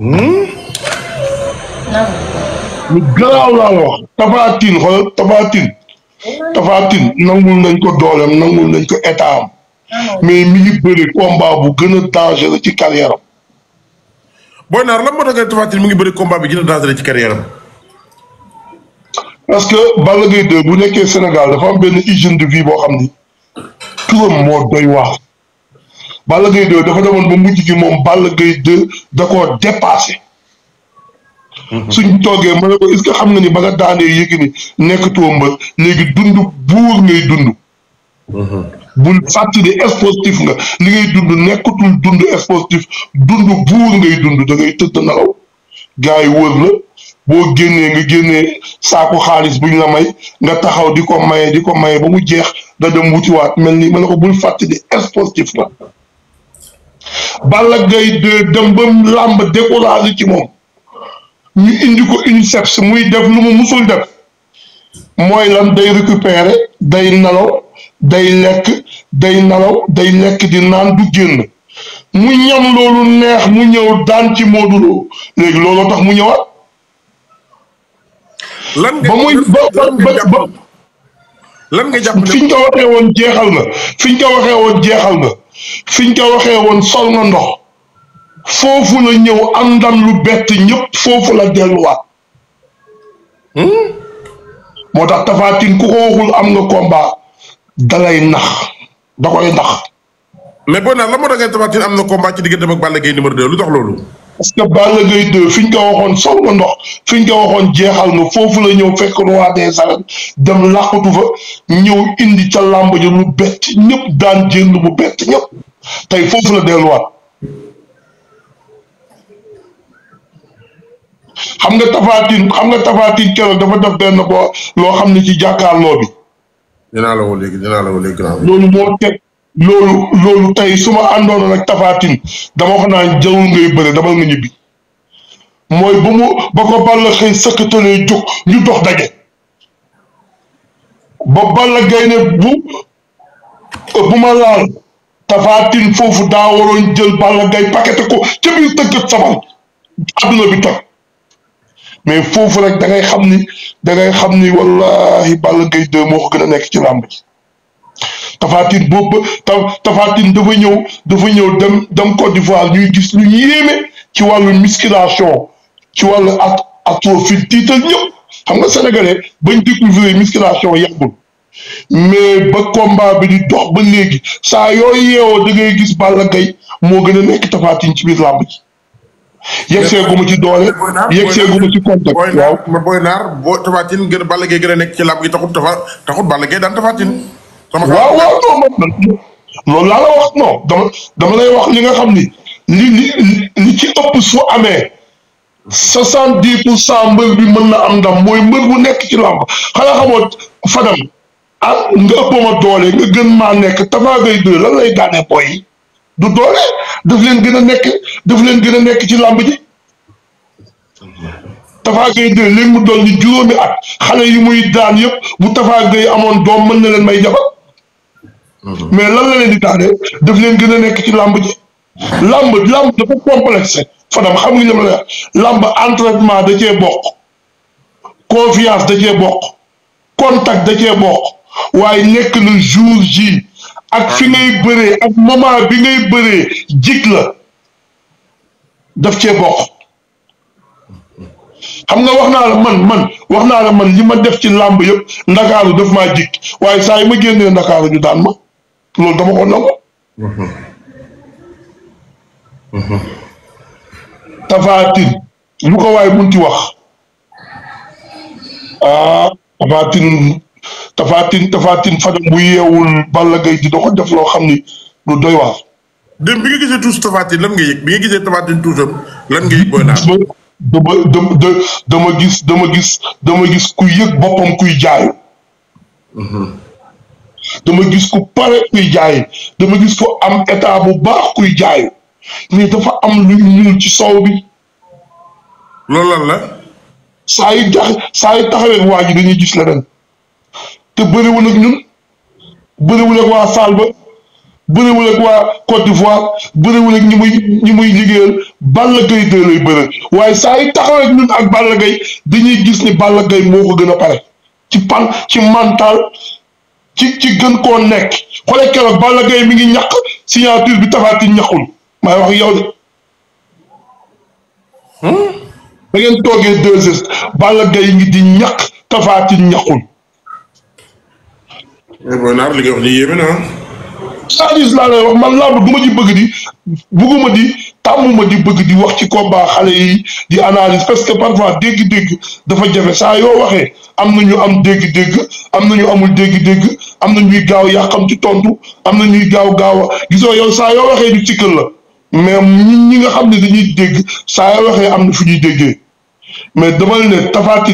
Hmm? lu garaaw laa la wax Tapha Tine xoolal Tapha Tine nañ ko dooleem nangul nañ ko état am mais mi ngi bëri combat bu gën a ci carrière am. Boy Nar lan moo tax nga ngi bëri combat bi gën a ci carrière parce que Balla Gaye 2 bu nekkee Sénégal dafa benn hygiène de vie boo xam ni turam moo doy waar. Balla Gaye 2 dafa demoon ba mujj gi moom Balla Gaye 2 da koo dépassé. Mhm. suñ toogee ma ne ko est-ce xam na ni ba nga daanee yëg ni nekkatoo mbër léegi dund buur ngay dund. Mhm. bul fàttali sportif nga li ngay dund nekkatul dund sportif dund buur ngay dund da ngay tëdd nalaw gars yi wër la boo génnee nga génnee saaku xaalis buñ la may nga taxaw di ko maye di ko maye ba mu jeex da dem wutiwaat mel ni ma ne ko bul fàttali sportif nga. bala Gaye de dem ba làmb découragé ci moom ñu indi ko UNICEF muy def lu mu musul def mooy lan day récupérer day nelaw day lekk day nalaw day lekk di naan du génn mu ñam loolu neex mu ñëw daan ci Modou Lo léegi looloo tax mu ñëwaat. lan nga ba muy ba ba lan nga jàpp ne fi woon jeexal nga fi ñu ko woon jeexal nga. fiñ ko waxee woon sol na ndox foofu la ñëw àndam lu bett ñëpp foofu la delluwaat hmm? moo tax Tapha Tine ku ko am nga combat dalay nax da koy nax mais boo naa la moo tax ngeen Tapha Tine am na combat ci diggante ak Balla Gaye numéro 2 lu tax loolu parce que Balla Gaye 2 fi ñu ko waxoon sol nga ndox fi ñu ko waxoon jeexal nga foofu la ñëw fekk waa des arènes dem làqatu fa ñëw indi ca làmb ji lu bett ñëpp daan jënd bu ñëpp tey foofu la delluwaat xam nga tafaatin xam nga tafaatin keroog dafa def benn bo loo xam ne ci jàkkaarloo bi. dinaa la loolu moo teg loolu loolu tey suma ma àndoon ak Tapha Tine dama wax naan jawul ngay bëre dama nga ñibbi mooy ba mu ba ko Balla xëy sëkkatalee jóg ñu dox daje ba Balla Gaye bu bu ma laal Tapha foofu daa waroon jël Balla Gaye paqueté ko ca biir tëggat sabal adduna mais foofu rek da ngay xam ni dangay xam ni wallahi Balla Gaye 2 moo ko gën a nekk ci làmb ji Tafatine boobu ta Tafatine dafa ñëw dafa ñëw dem dem Côte d'Ivoire ñuy gis lu yéeme ci wàllu musculation ci wàllu at atrophique tiital ñëw xam nga sénégalais bañ découvrir musculation yàggul mais ba combat bi di dox ba léegi saa yooyu yeewoo da ngay gis Balla Gaye moo gën a nekk Tafatine ci bi làmb ji. yegg seegu ma ci doole yegg seegu ci contact waaw. naar boo Tafatine gën a a nekk ci làmb gi taxut taxut Balla Gaye daan Tafatine. dama waaw waaw non loolu laa la wax non dama dama lay wax li nga xam ni li li li ci ëpp su amee soixante dix pour cent mbër bi mën na am ndam mooy mbër bu nekk ci làmb xanaa xamoo Fadam ah nga ëppoo ma doole nga gën maa nekk Tapha Gueye deux lan lay yi du doole daf leen gën a nekk daf leen gën a nekk ci làmb ji Tapha mu doon ni juróomi at xale yi muy daan yëpp bu Tapha Gueye amoon doom mën na leen may jabar mais lan la leen di taaree daf leen gën a nekk ci làmb ji. làmb làmb dafa complexe Fadam xam ma la làmb entraînement da cee bokk confiance da cee bokk contact da cee waaye nekk le jour ji ak fi ngay bëree ak moment bi ngay bëree jik la daf cee bokk. xam nga wax naa la man man wax naa la man li ma def ci làmb yëpp ndakaaru daf maa jik waaye saa yi ma génnee ndakaaru ñu daan ma. loolu dama ko wa mhm. Tapha Tine lu ko waay munti wax ah Tapha Tine Tapha Tine Tapha Tine fajam yeewul Balla Gaye di da ko def loo xam ni lu doy waar. démb bi nga gisee tuus Tapha lan nga yëg bi nga gisee Tapha Tine tuusam lan nga yëg booy naan. dama dama dama gis dama gis dama gis kuy yëg boppam kuy jaayu. Mhm. dama gis ku pare kuy jaay dama gis ku am état bu baax kuy jaay mais dafa am lu ñuul ci soow bi. loolu lan la. saa yu jax saa yu taxawee waa dañuy gis leneen te bëriwul ak ñun bëriwul ak waa Salba bëriwul ak waa Côte d'Ivoire bëriwul ak ñi muy ñi muy liggéeyal Balla Gaye lay bëre waaye saa yu taxawee ak ñun ak Balla Gaye dañuy gis ni Balla Gaye moo ko gën a pare ci pan ci mental ci ci gën koo nekk xoolee keroog Balla Gaye mi ngi ñàkk signature bi Tapha Tine ñàkkul maay wax yow de. Hmm? da ngeen toogee deux heures Balla Gaye ngi di ñàkk Tapha Tine ñàkkul. Eh, bon naar li nga wax na ah. sadis laa lay wax man làmb du ma ci bëgg di bugguma di tàmmuma di bëgg di wax ci koo combat xale yi di analyse parce que parfois dégg-dégg dafa jafe saa yoo waxee am na ñu am dégg-dégg am na ñu amul dégg-dégg am na ñuy gaaw yàqam ci tontu am na ñuy gaaw gaaw a gisoo yow saa yoo waxee ñu cikkal la mais ñi ñi nga xam ne dañuy dégg saa yoo waxee am na fu ñuy déggee mais dama ne Tapha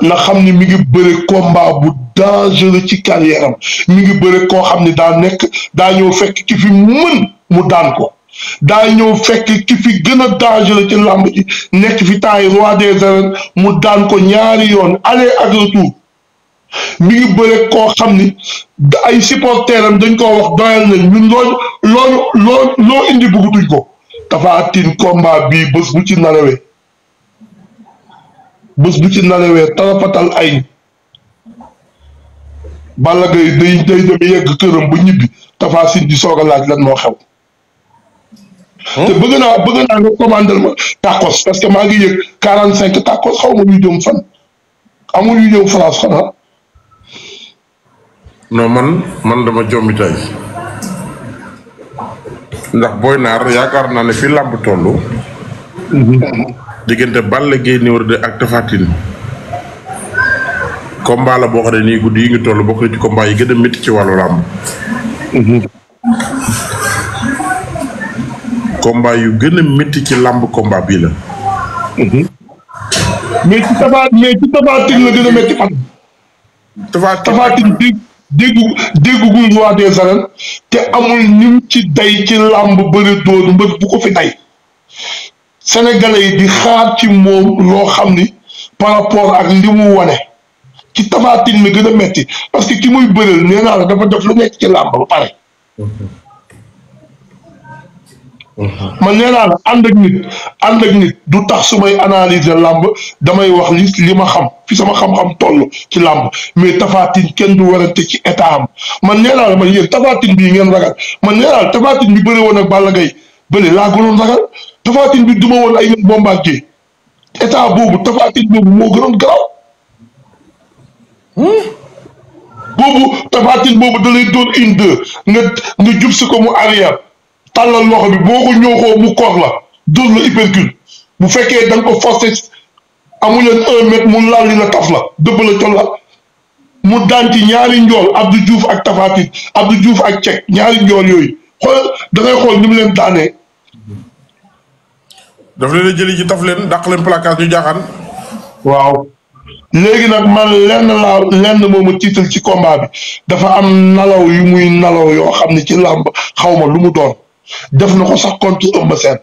na xam ni mi ngi bëre combat bu dangereux ci carrière mi ngi bëre koo xam ni daa nekk daa ñëw fekk ki fi mën mu daan ko daa ñëw fekk ki fi gën a dangereux ci làmb nekk fi taay roi des arènes mu daan ko ñaari yoon aller ak mi ngi bëre koo xam ni ay supporters am dañ koo wax doyal nañ ñun loolu loo loo indi bëggutuñ ko dafa attin combat bii bu ci narawee bés bu ci nalewee talafatal ay Balla Gaye day day dem yegg këram bu ñibbi Tapha Tine di soog a laaj lan moo xew. Hmm? te bëgg naa bëgg naa nga commandé ma tacos parce que maa ngi yëg quarante cinq tacos xaw ma ñu jëm fan amul ñu jëm France xanaa. non man man dama jombi ndax booy naar yaakaar naa ne fii làmb toll. Mhm. diggante Balla Gaye numéro 2 ak Tapha Tine la boo xam ne nii guddi yi ñu toll bokk na ci combat gën a métti ci wàllu làmb. Mhm. yu gën a ci làmb combat bii la. Mhm. mais ci Tapha la gën a métti am. Tapha Tapha Tine dégg déggu déggugul roi des te amul nim ci day ci làmb bëri doon mbër bu ko fi day. sénégalais yi di xaar ci moom loo xam ni par rapport ak li mu wane ci tafaatin mi gën a metti parce que ki muy bëreel nee naa la dafa def lu nekk ci làmb ba pare. man nee naa la ànd ak nit ànd ak du tax su may analyser làmb damay wax li li ma xam fi sama xam-xam toll ci làmb mais tafaatin kenn du warante ci état man nee naa la man yéen tafaatin bii ngeen ragal man nee naa la tafaatin bi bëri woon ak bala Gaye bëri laa gënoon ragal. tafaatin bi duma woon ay ñoom Bombardier état boobu tafaatin boobu moo gënoon garaaw hmm? boobu tafaatin boobu da lay doon une nga nga jub si ko mu arrière tàllal loxo bi boo ko ñooxoo mu koor la door la hypercule bu fekkee da nga ko forcé amuleen un mètre mu lalli la taf la dëbb la col la mu daanti ñaari njool Abdou Diouf ak tafaatin Abdou Diouf ak Cech ñaari njool yooyu xool da ngay xool ni leen daanee daf leen a jëli ci leen dàq leen placage ñu jaaxaan. waaw léegi nag man lenn laa lenn moomu tiital ci combat bi dafa am nalaw yu muy nalaw yoo xam ne ci làmb xaw ma lu mu doon def na ko sax contre Eumeu Sène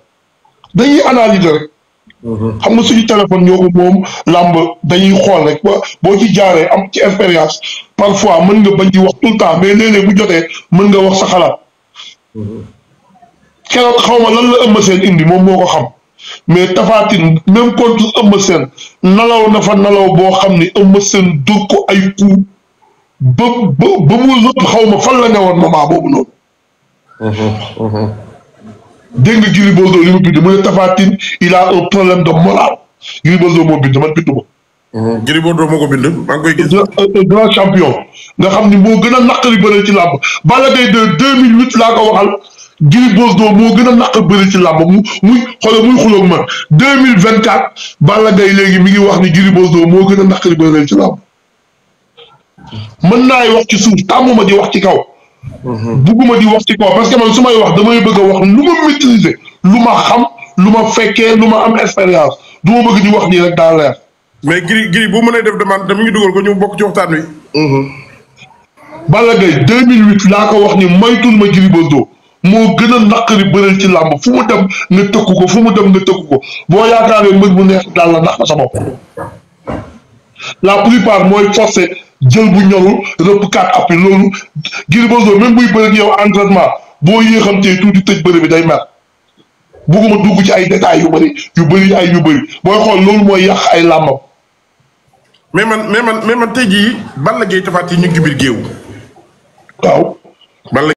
dañuy analyser rek. Mhm. xam nga suñu téléphone ñoo moom làmb dañuy xool rek ba boo ci jaaree am ci expérience parfois mën nga bañ ci wax tout temps mais léeg mu bu jotee mën nga wax sa xalaat. Mhm. keroog xaw ma lan la indi moom moo ko xam. mais Tapha Tine même contre Eumeu Sène nalaw na nalaw boo xam ni Eumeu Sène ko ay coup ba ba ba mu lëpp xaw ma fan la ne woon moment boobu noonu. dégg nga Gris Bordeaux li mu bind mu ne Tapha Tine a un problème de morale Gris moo bind man bindu ma. Gris Bordeaux moo ko bind maa ngi koy gis. Euh, euh, grand champion nga xam ni moo gën a naqari bëre ci làmb Balla Gaye de 2008 laa ko waxal. Gris doo moo gën a naq bëri ci làmb mu muy xoolal muy xuloog man deux mille vingt quatre Balla Gaye léegi mi ngi wax ni Gris Bordeaux moo gën a naq bëri ci làmb mën naay wax ci suuf tàmmuma di wax ci kaw. Mhm. bugguma di wax ci kaw parce que man su may wax damay bëgg a wax lu ma maîtriser lu ma xam lu ma fekkee lu ma am expérience du ma bëgg di wax nii rek daa leer. mais Gris Gris bu mënee def demande dama ngi dugal ko ñu bokk ci waxtaan wi. Balla Gaye deux mille huit laa wax ni moytul ma Gris Bordeaux moo gën a naqari bëreel ci làmb fu mu dem nga tëkku ko fu mu dem nga tëkku ko boo yaakaaree mbër mu neex daal la ndax na sa bopp la plupart mooy forcé jël bu ñorul rëpp quatre appui loolu boo Bordeaux même buy bëri yow entraînement boo yéexamtee tuuti tëj bëri bi day mer bugguma dugg ci ay détails yu bëri yu bëri ay yu bëri booy xool loolu mooy yàq ay làmbam. mais man mais man mais man tey jii Balla Gaye Tapha Tine ñu ngi ci biir géew. waaw.